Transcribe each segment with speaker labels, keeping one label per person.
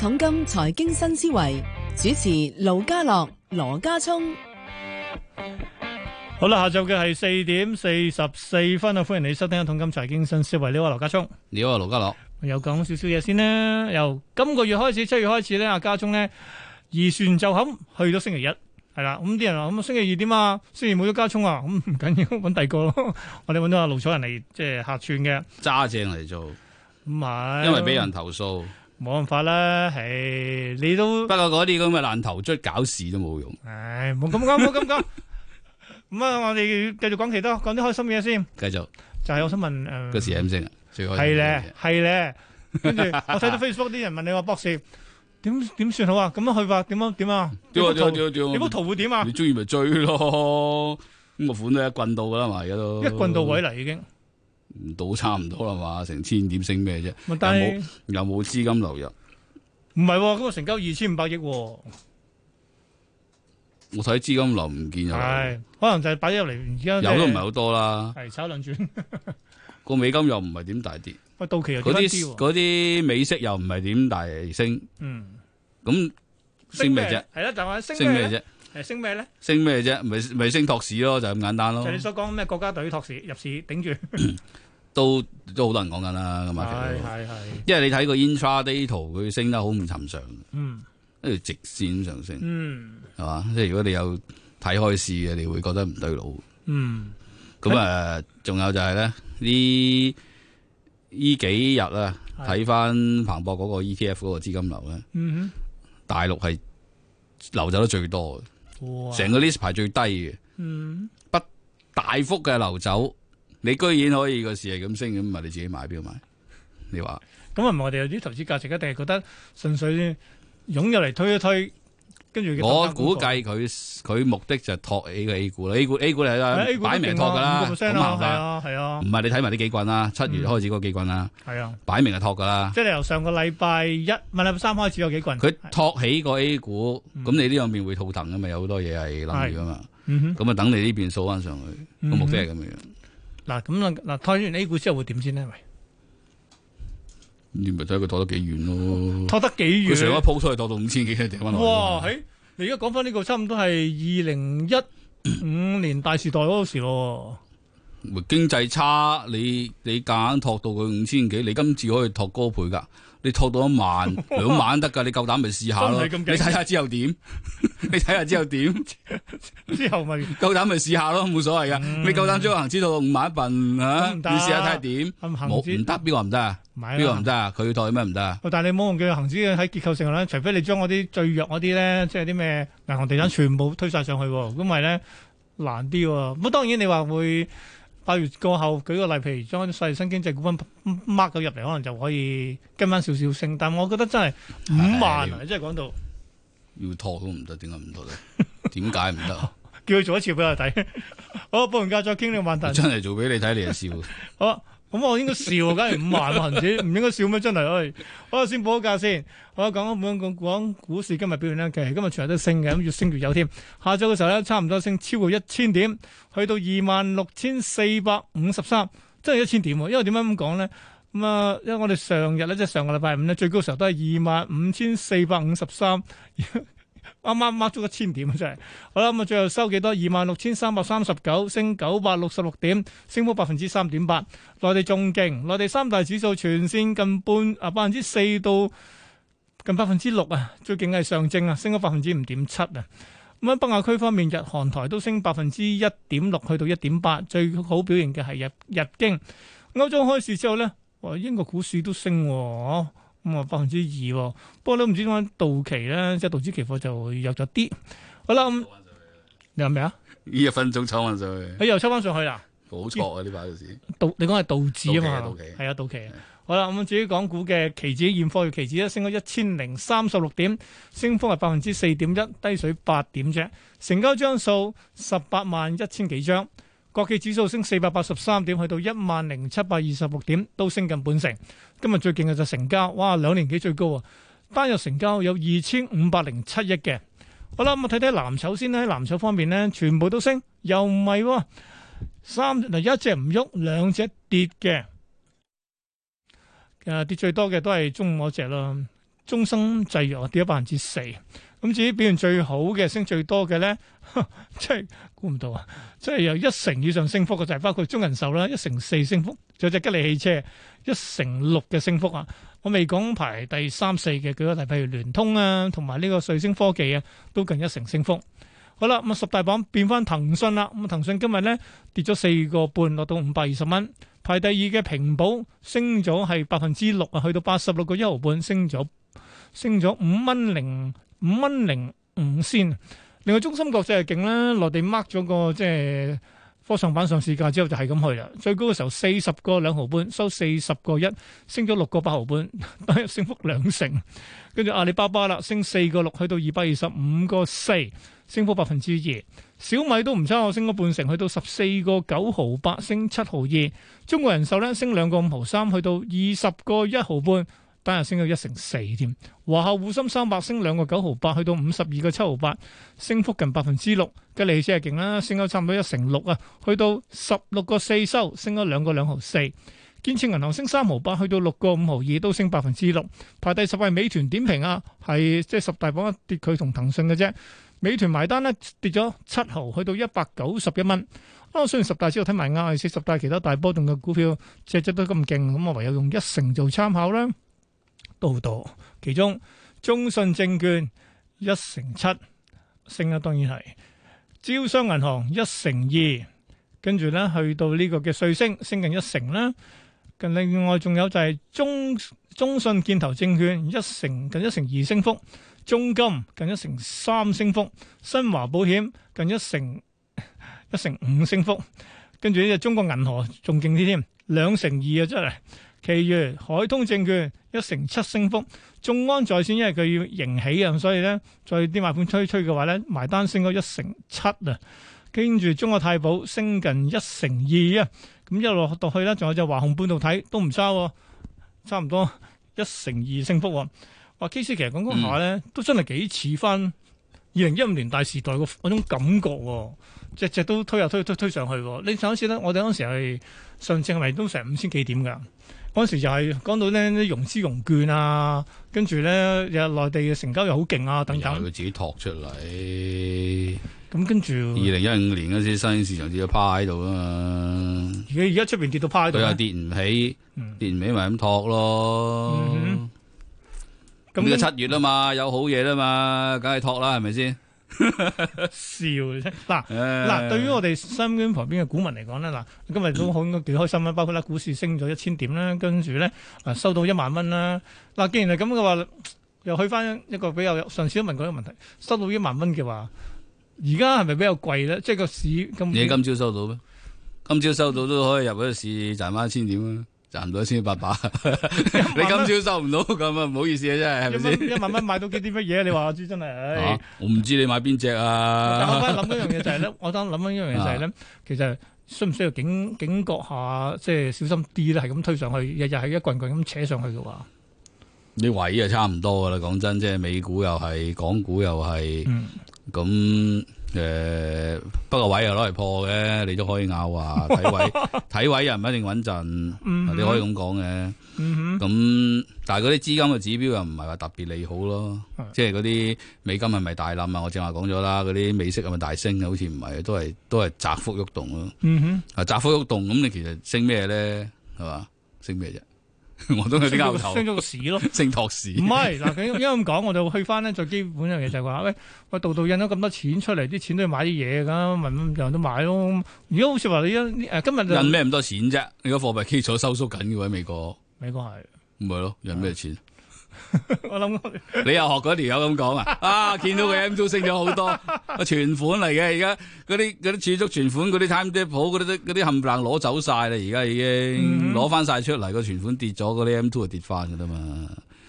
Speaker 1: 統金財經新思維主持盧家樂、羅家聰，好啦，下晝嘅係四點四十四分啊！歡迎你收聽《統金財經新思維》，你好，羅家聰，
Speaker 2: 你好，盧家樂，
Speaker 1: 又講少少嘢先啦。由今個月開始，七月開始咧，阿家聰咧二船就咁去到星期一，係啦。咁啲人話咁星期二點啊？雖然冇咗家聰啊？咁唔緊要，搵第二個囉，我哋搵咗阿盧
Speaker 2: 楚人嚟即係客串嘅，揸正嚟做，唔係因為俾人投訴。冇辦法啦，係你都不過嗰啲咁嘅爛頭卒搞事都冇用。唉、哎，冇咁講，冇咁講。
Speaker 1: 咁啊，我哋繼續講其他，講啲開心嘢先。
Speaker 2: 繼續就係、
Speaker 1: 是、我想問誒個
Speaker 2: 事係咁先啦，最好係咧係咧。跟住我睇到
Speaker 1: Facebook 啲人問你話，博士點點 算好啊？咁樣去法點樣點啊？點啊點啊點啊！你幅圖
Speaker 2: 會點啊？你中意咪追咯，咁、那個款咧一棍到啦嘛，而家都一棍到位啦已經。唔到差唔多啦嘛，成千點升咩啫？又冇又冇資金流入，
Speaker 1: 唔係、哦，嗰、嗰個成交二千五百億。
Speaker 2: 我睇資金流唔見又係，
Speaker 1: 可能就係擺入嚟，而家有都唔係好多啦。係炒兩轉，
Speaker 2: 個 美金又唔係點大跌，
Speaker 1: 喂到期又跌啲、哦。嗰
Speaker 2: 啲美息又唔係點大升。嗯，咁升咩啫？係
Speaker 1: 啦，就係升咩啫？
Speaker 2: 升咩咧？升咩啫？咪咪升托市咯，就係、是、咁簡單咯。就是、你所
Speaker 1: 講咩國家隊托市入市頂住，
Speaker 2: 都都好多人講緊啦。係係係，因為你睇個 intraday 圖佢升得好唔尋常，嗯，一條直線上升，嗯，係嘛？即係如果你有睇開市嘅，你會覺得唔對路。嗯、咁、呃、啊，仲有就係咧，呢呢幾日啊，睇翻彭博嗰個 ETF 嗰個資金流咧，嗯哼，大陸係流走得最多。成個 list 排最低嘅、嗯，不大幅嘅流走，你居然可以個市係咁升，咁咪你自己買邊度買？你話
Speaker 1: 咁係咪我哋有啲投資價值一定係覺得純粹湧入嚟推一推？跟住我估計
Speaker 2: 佢佢目的就係托起個 A 股啦、啊、A 股 A 股嚟啦，擺明托噶啦，咁係啊，唔係、啊啊啊、你睇埋啲幾棍啦，七、啊啊、月開始嗰幾棍啦，係啊，擺明係托噶啦。
Speaker 1: 即係由上個禮拜一、五、嗯、拜三開始有幾棍。佢
Speaker 2: 托起個 A 股，咁、啊、你呢兩邊會套淡啊嘛，有好多嘢係諗住噶嘛，咁啊、嗯、等你呢邊掃翻上去，個目的係咁樣。
Speaker 1: 嗱咁嗱，托完 A 股之後會點先咧？
Speaker 2: 你咪睇佢托得幾遠咯，托得幾遠、啊，佢成一鋪出去托到五千幾，嘅地方咯。哇，欸、
Speaker 1: 你而家講翻呢個差唔多係二零一五年大時代嗰時
Speaker 2: 咯、嗯。經濟差，你你夾硬托到佢五千幾，你今次可以托高倍噶，你托到一萬兩萬得噶，你夠膽咪試下咯。你睇下你睇下之後點、 就是嗯，你睇下之後點，之後咪夠膽咪試下咯，冇所謂噶。你夠膽將行知道五萬一份吓，你試下睇下點，冇唔得邊個唔得啊？呢個唔得啊？佢要拖咩唔得
Speaker 1: 啊？但係你唔好叫行止喺結構性嗰，除非你將嗰啲最弱嗰啲咧，即係啲咩銀行、地產全部推晒上去，咁咪咧難啲喎、啊。咁當然你話會八月過後舉個例，譬如將啲細新經濟股份掹咗入嚟，可能就可以跟翻少少升。但係我覺得真係五萬啊！即係講到
Speaker 2: 要拖都唔得，點解唔得？點解唔得？
Speaker 1: 叫佢做一次俾我睇。好，報完價再傾呢個問題。佢真係做俾
Speaker 2: 你睇，你就笑。
Speaker 1: 好。咁 我應該笑，梗係五萬蚊紙，唔 應該笑咩？真係。好，我先補個價先。我講講講講，講股市今日表現咧，其實今日全日都升嘅，咁越升越有添。下晝嘅時候咧，差唔多升超過一千點，去到二萬六千四百五十三，真係一千點。因為點解咁講咧？咁啊，因為我哋上日咧，即係上個禮拜五咧，最高時候都係二萬五千四百五十三。啱、啊、啱抹足一千點真係、就是，好啦咁啊，最後收幾多？二萬六千三百三十九，升九百六十六點，升幅百分之三點八。內地仲勁，內地三大指數全線近半啊，百分之四到近百分之六啊。最勁係上證啊，升咗百分之五點七啊。咁喺北亞區方面，日韓台都升百分之一點六，去到一點八。最好表現嘅係日日經。歐洲開市之後咧，英國股市都升、啊。百分之二，不過你唔知點解到期咧，即係道指期貨就弱咗啲。好啦，你話咩啊？呢
Speaker 2: 一分鐘抽翻上去，佢、欸、又抽翻上去啦，冇錯啊！呢把市
Speaker 1: 道，你講係道指啊嘛，係啊，道期、啊嗯啊啊。好啦，咁至於港股嘅期指現貨期指咧，升咗一千零三十六點，升幅係百分之四點一，低水八點啫，成交張數十八萬一千幾張。國企指數升四百八十三點，去到一萬零七百二十六點，都升近半成。今日最勁嘅就成交，哇，兩年幾最高啊！單日成交有二千五百零七億嘅。好啦，我睇睇藍籌先啦。藍籌方面咧，全部都升，又唔係，三嗱，一隻唔喐，兩隻跌嘅。誒，跌最多嘅都係中午嗰隻啦。中生製藥跌咗百分之四，咁至於表現最好嘅，升最多嘅咧，即係估唔到啊！即係有一成以上升幅嘅就係、是、包括中人壽啦，一成四升幅，仲有隻吉利汽車一成六嘅升幅啊！我未講排第三四嘅，舉個例，譬如聯通啊，同埋呢個瑞聲科技啊，都近一成升幅。好啦，咁十大榜變翻騰訊啦，咁騰訊今日咧跌咗四個半，落到五百二十蚊。排第二嘅平保升咗係百分之六啊，去到八十六個一毫半，升咗升咗五蚊零五蚊零五仙。另外中心國際係勁啦，內地 mark 咗個即係、就是、科創板上市價之後就係咁去啦。最高嘅時候四十個兩毫半，收四十個一，升咗六個八毫半，升幅兩成。跟住阿里巴巴啦，升四個六，去到二百二十五個四，升幅百分之二。小米都唔差，我升咗半成，去到十四個九毫八，升七毫二。中國人壽咧升兩個五毫三，去到二十個一毫半，單日升咗一成四添。華夏滬深三百升兩個九毫八，去到五十二個七毫八，升幅近百分之六，吉利就真係勁啦，升咗差唔多一成六啊，去到十六個四收，升咗兩個兩毫四。建設銀行升三毫八，去到六個五毫二，都升百分之六。排第十位美團點評啊，係即係十大榜一跌騰訊，佢同騰訊嘅啫。美團埋單咧跌咗七毫，去到一百九十一蚊。雖、哦、然十大之後睇埋啱，四十大其他大波動嘅股票隻隻都咁勁，咁我唯有用一成做參考啦。多好多？其中中信證券一成七升啦、啊，當然係招商銀行一成二，跟住咧去到呢個嘅瑞星升近一成啦。咁另外仲有就係中中信建投證券一成近一成二升幅。中金近一成三升幅，新華保險近一成一成五升幅，跟住呢隻中國銀河仲勁啲添，兩成二嘅出嚟。其餘海通證券一成七升幅，眾安在線因為佢要迎起啊，所以咧再啲賣盤吹吹嘅話咧，埋單升咗一成七啊。跟住中國太保升近一成二啊，咁一路落落去咧，仲有隻華虹半導體都唔差喎，差唔多一成二升幅。話 K 師其實講嗰下咧、嗯，都真係幾似翻二零一五年大時代個嗰種感覺喎、哦，只只都推下推推推上去、哦。你首先咧，我哋嗰時係上證係都成五千幾點㗎，嗰時就係講到咧啲融資融券啊，跟住咧又內地嘅成交又好勁啊等等。佢
Speaker 2: 自己托出嚟，
Speaker 1: 咁、嗯、跟住二
Speaker 2: 零一五年嗰時新市場自己趴喺度啊嘛。而
Speaker 1: 家而家出邊跌到趴
Speaker 2: 喺度？佢又跌唔起，跌唔起咪咁托咯。嗯咁而家七月啦嘛，有好嘢啦嘛，梗係托啦，係咪先？笑啫 嗱、啊啊，對於我
Speaker 1: 哋身邊旁邊嘅股民嚟講咧，嗱，今日都好應該幾開心啦。包括咧，股市升咗一千點啦，跟住咧，嗱，收到一萬蚊啦。嗱，既然係咁嘅話，又去翻一個比較，上次都問過一個問題，收到一萬蚊嘅話，而家係咪比較貴咧？即係個市。你今
Speaker 2: 朝收到咩？今朝收到都可以入嗰市賺翻一千點啊！賺唔到一千八百，
Speaker 1: 你今朝收唔到咁啊，唔好意思啊，真係係咪先一萬蚊買到幾啲乜嘢？ 你話我知真係、啊哎，
Speaker 2: 我唔知你買邊隻啊。我諗一樣嘢就係、是、咧，
Speaker 1: 我當諗一樣嘢就係、是、咧、啊，其實需唔需要警警覺下，即係小心啲咧，係咁推上去，日日係一棍棍咁扯上去嘅話，
Speaker 2: 啲位啊差唔多噶啦。講真，即係美股又係，港股又係，咁、嗯。誒、呃，不過位又攞嚟破嘅，你都可以拗啊！睇 位睇位又唔一定穩陣， 你可以咁講嘅。咁 但係嗰啲資金嘅指標又唔係話特別利好咯， 即係嗰啲美金係咪大冧啊？我正話講咗啦，嗰啲美息係咪大升？好似唔係，都係都係窄幅喐動咯。嗯 窄幅喐動，咁你其實升咩咧？係嘛，升咩啫？ 我都係啲交頭，升咗個市咯，正托市。唔係嗱，佢因
Speaker 1: 為咁講，我就去翻咧最基本嘅樣嘢就係、是、話，喂、欸、喂，度度印咗咁多錢出嚟，啲錢都要買啲嘢噶，咪咁樣都買咯。如果好似話你一誒今日印咩
Speaker 2: 咁多錢啫？你個貨幣基礎收縮緊嘅喎，喺美國。美國係唔係咯，印咩錢？ 我諗你又學嗰條友咁講啊！ 啊，見到佢 M two 升咗好多，個存款嚟嘅，而家嗰啲嗰啲儲蓄存款嗰啲 time depot 嗰啲嗰啲冚唪唥攞走晒啦，而家已經攞翻晒出嚟，個、嗯、存款跌咗，嗰啲 M two 就跌翻噶啦嘛。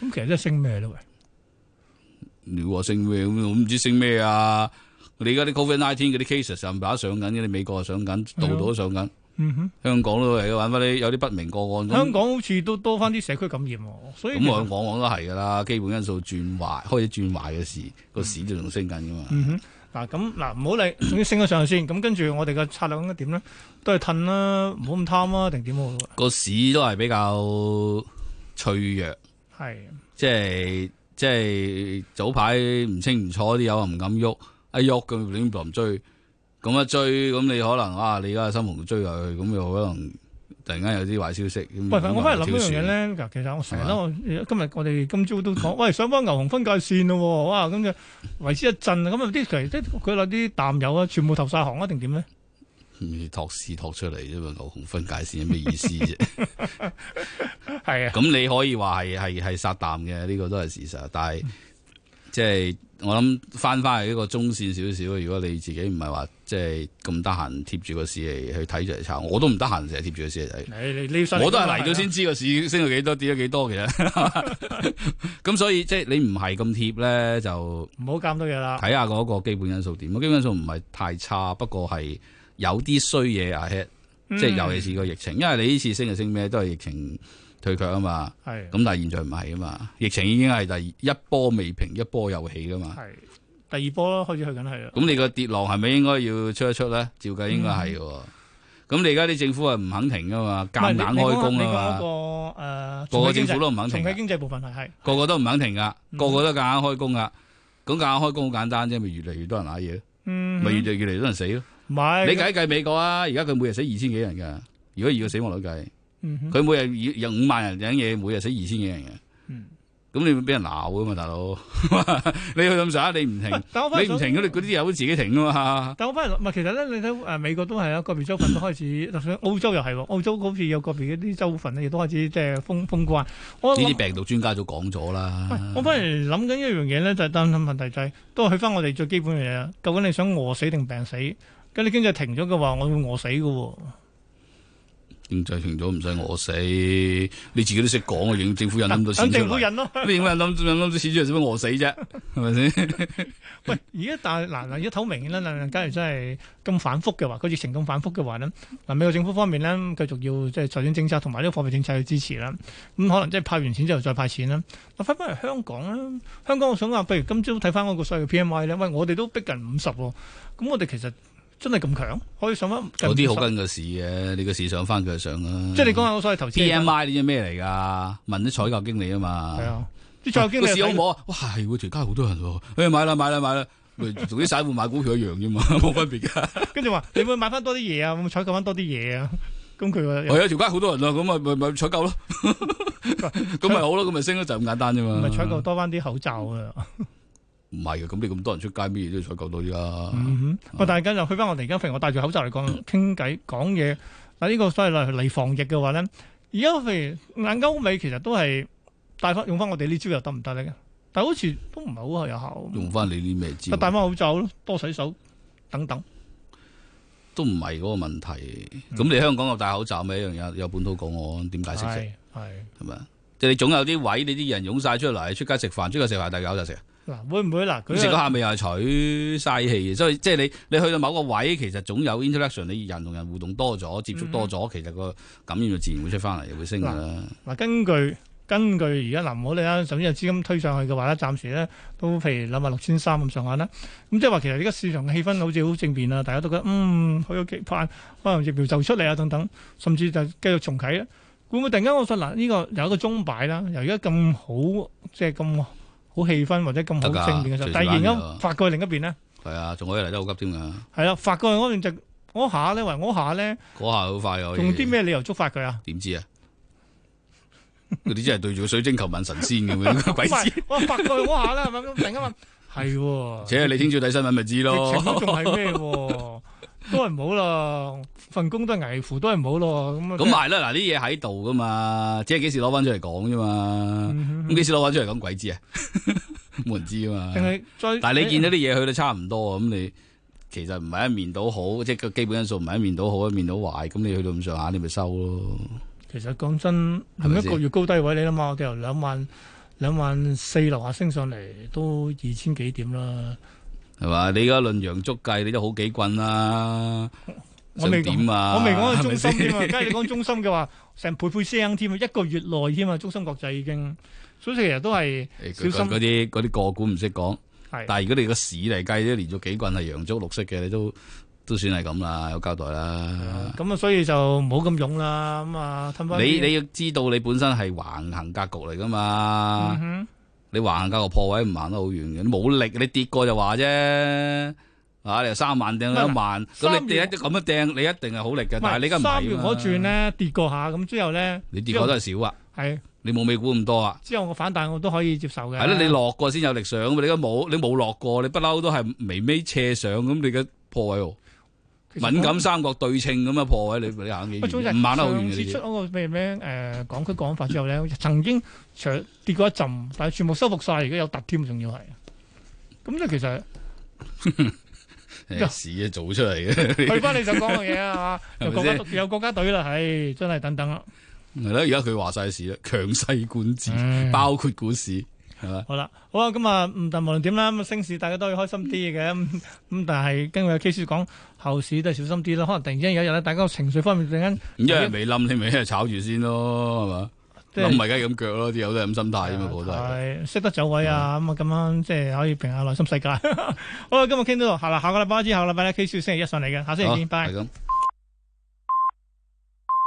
Speaker 1: 咁、嗯、其實都係升咩咯？
Speaker 2: 喂，你話升咩？我唔知升咩啊！你而家啲 Covid nineteen 嗰啲 cases 上把上緊，嗰啲美國上緊，度度都上緊。嗯嗯哼，香港都嚟，搵翻啲有啲不明個案。嗯、香港
Speaker 1: 好似都多翻啲社區感染，所以咁
Speaker 2: 往往都係噶啦。基本因素轉壞，嗯、開始轉壞嘅時，個、嗯、市都仲升緊噶嘛。
Speaker 1: 嗱咁嗱唔好理，總之升咗上去先。咁跟住我哋嘅策略應該點咧？都係褪啦，唔好咁貪啊，定點好？
Speaker 2: 個市都係比較脆弱，係即係即係早排唔清唔楚啲友唔敢喐，一喐佢亂咁追。咁一追，咁你可能哇、啊，你而家心紅追入去，咁又可能突然間有啲壞消息。唔、那個、我可能諗一樣嘢
Speaker 1: 咧。其實我成日都今日我哋今朝都講，喂，想翻牛熊分界線咯， 哇！咁就為之一陣，咁啊啲佢佢話啲淡友啊，全部投晒行啊，定點
Speaker 2: 咧？托市托出嚟啫嘛，牛熊分界線有咩意思啫？係 啊，咁你可以話係係係殺淡嘅，呢、這個都係事實，但係。嗯即係我諗翻翻去呢個中線少少。如果你自己唔係話即係咁得閒貼住個市嚟去睇住嚟炒，我都唔得閒，成日貼住個市嚟睇，我都係嚟到先知個市 升到幾多，跌咗幾多。其實咁 所以即係你唔係咁貼咧，就唔好監多嘢啦。睇下嗰個基本因素點。基本因素唔係太差，不過係有啲衰嘢啊。即、嗯、係尤其是個疫情，因為你呢次升就升咩都係疫情。退卻啊嘛，係咁，但係現在唔係啊嘛，疫情已經係第一波未平，一波又起噶嘛，係第二波咯，開
Speaker 1: 始去
Speaker 2: 緊係啦。咁你個跌浪係咪應該要出一出咧？照計應該係嘅。咁、嗯、你而家啲政府係唔肯停噶嘛？夾硬，硬開工啊嘛。你講
Speaker 1: 嗰個、呃、個政府都唔肯停嘅。經濟部分係
Speaker 2: 係，個個都唔肯停噶，個、嗯、個都夾硬開工噶。咁、嗯、夾、那個、硬開工好簡單啫，咪、就是、越嚟越多人揦嘢
Speaker 1: 咯，咪、嗯、越嚟
Speaker 2: 越嚟多人死咯。唔係你計計美國啊，而家佢每日死二千幾人噶，如果以個死亡率計。佢、嗯、每日有五萬人飲嘢，每日死二千幾人嘅，嗯，咁你會俾人鬧噶嘛，大佬， 你去咁耍，你唔停，你唔停咗，你嗰啲友都自己停噶嘛。
Speaker 1: 但我反而唔係，其實咧，你睇誒美國都係啊，個別州份都開始，甚 至澳洲又係喎，澳洲好似有個別啲州份亦都開始即係、就是、封封關。呢啲
Speaker 2: 病毒專家早講咗啦。
Speaker 1: 我反而諗緊一樣嘢咧，就係擔心問題就係、是、都係去翻我哋最基本嘅嘢啦。究竟你想餓死定病死？咁你經濟停咗嘅話，我會餓死噶。
Speaker 2: 經濟停咗唔使餓死，你自己都識講啊！政府印咁多錢出嚟，政府印咯，你政府印咁咁啲錢出嚟使乜餓死啫？係咪先？
Speaker 1: 喂，而家但係嗱嗱，而家透明啦，嗱嗱，假如真係咁反覆嘅話，嗰疫情咁反覆嘅話呢，嗱，美國政府方面呢，繼續要即係財政政策同埋呢個貨幣政策去支持啦。咁可能即係派完錢之後再派錢啦。嗱，翻翻嚟香港啦，香港我想話，譬如今朝睇翻嗰個所謂嘅 P M I 咧，喂，我哋都逼近五十咯。咁我哋
Speaker 2: 其實。真係咁強，可以上翻。有啲好跟嘅事、啊，嘅、啊，你個市上翻佢上啦。即係你講下我所謂投資。B M I 呢啲咩嚟㗎？問啲採購經理啊嘛。係啊，啲採購經理個市好唔好啊？哇，係喎，條街好多人喎。誒，買啦，買啦，買啦，同啲散戶買股票一樣啫嘛，冇分別㗎。跟住話，你會買翻多啲嘢啊？會採購翻多啲嘢啊？
Speaker 1: 咁佢話係啊，
Speaker 2: 條街好多人啊！哎」咁咪咪咪採購咯、啊。咁咪好咯，咁咪升咯，就咁 簡單啫嘛、啊。咪採購多翻
Speaker 1: 啲口罩啊！
Speaker 2: 唔係嘅，咁你咁多人出街，咩嘢都採購多啲啦。嗯
Speaker 1: 哼，喂，大家就去翻我哋而家，譬如我戴住口罩嚟講傾偈講嘢嗱，呢 個所謂嚟嚟防疫嘅話咧，而家譬如眼歐美其實都係戴翻用翻我哋呢招又得唔得咧？但係好似都唔係好有效。
Speaker 2: 用翻你啲咩招？戴
Speaker 1: 翻口罩、啊、多洗手等
Speaker 2: 等，都唔係嗰個問題。咁、嗯、你香港有戴口罩咩？一樣有本土講我點解食食係係咪？即係、就是、你總有啲位，你啲人湧晒出嚟出街食飯，出街食飯戴口罩食。
Speaker 1: 嗱，會唔會嗱？嗰時嗰下
Speaker 2: 咪又係取曬氣，所以即係你你去到某個位，其實總有 interaction，你人同人互動多咗，接觸多咗，嗯，其實個感染就自然會出翻嚟，又會升噶啦。
Speaker 1: 嗱、嗯嗯嗯，根據根據而家嗱，我哋咧首先有資金推上去嘅話咧，暫時咧都譬如兩萬六千三咁上下啦。咁即係話其實而家市場嘅氣氛好似好正面啊，大家都覺得嗯好有期盼，可能疫苗就出嚟啊等等，甚至就繼續重啟啦。會唔會突然間我話嗱，呢、呢個有一個鐘擺啦，由而家咁好即係咁。好氣氛或者咁好正面嘅時候，突然間發過去另一邊咧，
Speaker 2: 係啊，仲可以嚟得好急添㗎。
Speaker 1: 係啦，發過去嗰邊就我下咧，喂，我下咧，
Speaker 2: 嗰下好快啊！用啲
Speaker 1: 咩理由觸發佢啊？
Speaker 2: 點知啊？嗰 啲真係對住水晶球問神仙咁樣鬼知道。
Speaker 1: 我發過去下啦，
Speaker 2: 係咪咁？突然間問係喎？即 係你聽朝睇新聞咪知咯？其他仲係
Speaker 1: 咩喎？ 都係唔好咯，份工都係危乎，都係唔好咯。咁咁係啦，
Speaker 2: 嗱啲嘢喺度噶嘛，即係幾時攞翻出嚟講啫嘛？咁、嗯、幾、嗯、時攞翻出嚟講鬼知啊？冇 人知啊嘛。
Speaker 1: 但係你見到
Speaker 2: 啲嘢去到差唔多咁、哎、你其實唔係一面倒好，即係個基本因素唔係一面倒好一面倒壞，咁你去到咁上下，你咪收咯。
Speaker 1: 其實講真，咪一個月高低位是是你諗嘛？我哋由兩萬兩萬四樓下升上嚟，都二千幾點啦。
Speaker 2: 係嘛？你而家論洋竹計，你都好幾棍啦，想點啊？我未講、啊、中心添啊！而家你
Speaker 1: 講中心嘅話，成 倍倍聲添啊！一個月內添，中心國際已經，所以其實都係小心嗰
Speaker 2: 啲啲個股唔識講。但係如果你個市嚟計，都連咗幾棍係洋竹綠色嘅，你都都算係咁啦，有交代啦。咁啊，所以就唔好咁勇啦。
Speaker 1: 咁啊，你你要
Speaker 2: 知道你本身係橫行格局嚟㗎嘛？嗯你橫行交個破位唔行得好遠嘅，你冇力，你跌過就話啫，吓、啊、你三萬掟到兩萬，咁你跌一啲咁樣掟，你一定係好力嘅。但係你而家三圓可轉
Speaker 1: 咧，跌過一下咁之後咧，你跌過都係少
Speaker 2: 啊，係你冇美股咁多啊。
Speaker 1: 之後我反彈我都可以接受嘅。係咯，你落
Speaker 2: 過先有力上，你而家冇，你冇落過，你不嬲都係微微斜上的，咁你嘅破位哦。敏感三角對稱咁啊，破壞你你行嘅嘢，唔行得好遠嘅嘢。上一次出嗰
Speaker 1: 個咩咩誒港區國安法之後咧， 曾經上跌過一陣，但係全部收復晒，而家有突添，仲要係。咁即係其
Speaker 2: 實市嘅 就 做出嚟嘅。去翻你想講嘅嘢啊， 各家 有國家
Speaker 1: 有國家隊啦，唉， 真係等等啦。
Speaker 2: 係咯，而家佢話晒事啦，強勢管治、嗯，包括股市。係好啦，
Speaker 1: 好啊！咁啊，但無論點啦，咁升市大家都要開心啲嘅。咁、嗯、但係，經過 K 叔講後市都係小心啲咯。可能突然之間有一日大家情緒方面突然間，
Speaker 2: 因為未冧你咪一係炒住先咯，係嘛？冧唔係梗係咁腳咯，啲友都係咁心態咁啊，覺得係。
Speaker 1: 識得走位啊，咁啊咁樣即係可以平下內心世界。 好啦，今日傾到呢度，好啦，下個禮拜之後禮拜咧 K 叔星期一上嚟嘅，下星期見，拜、啊。